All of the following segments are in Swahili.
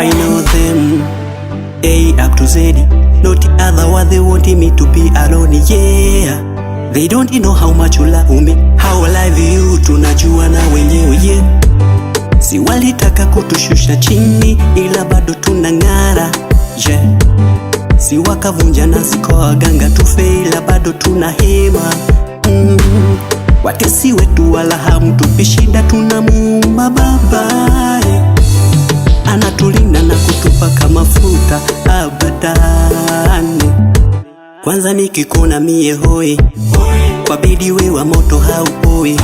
I know them A up to Z Not other they want me to be alone yeah They don't know how much you love me How alive you tunajua na wenyewe yeah Si walitaka kutushusha chini ila wakavunja nasi kwa waganga, tufeila bado tuna hema mm. Watesi wetu wala hamtupi shida, tuna muumba Baba anatulinda na kutupaka mafuta abadani. Kwanza nikikona mie hoi kwa bidi we wa moto haupoi,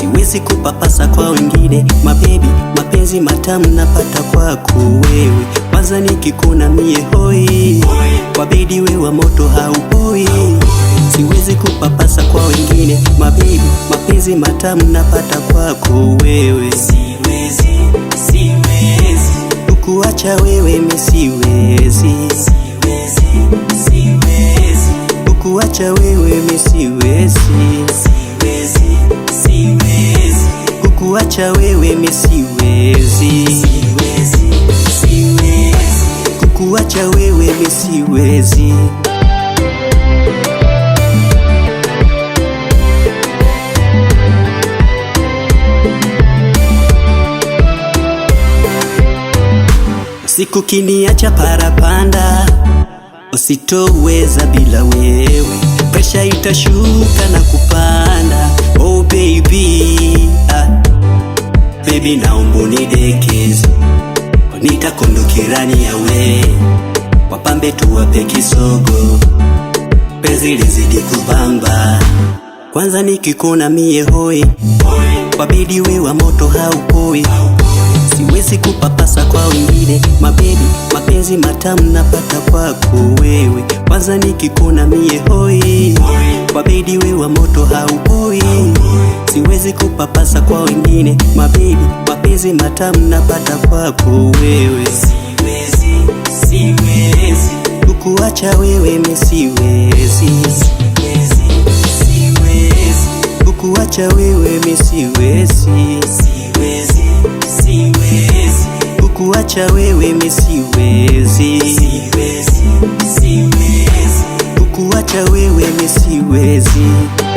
siwezi kupapasa kwa wengine mabebi, mapenzi matamu napata kwako wewe waza nikikona mie hoi, wabidi we wa moto haupoi, siwezi kupapasa kwa wengine mabibi, mapenzi matamu napata kwako wewe, siwezi siwezi kukuacha wewe mi siwezi, siwezi siwezi kukuacha wewe mi siwezi, siwezi siwezi kukuacha wewe mi siwezi kuacha wewe misiwezi Siku kiniacha parapanda, usitoweza bila wewe, presha itashuka na kupanda. Oh baby, ah, baby naomba unidekeze nitakondokirani yawe wapambe tuwape kisogo pezi lizidi kubamba kwanza nikikuna mie hoi wabidi we wa moto haukoi siwezi kupapasa kwa wengine mabedi mapenzi matamu napata kwako wewe kwanza nikikuna mie hoi wabidi we wa moto haukoi siwezi kupapasa kwa wengine, mabebi mapezi matamu napata kwako wewe, siwezi siwezi kukuacha wewe, mimi siwezi siwezi kukuacha wewe, mimi siwezi siwezi siwezi kukuacha wewe, mimi siwezi siwezi siwezi kukuacha wewe, siwezi, siwezi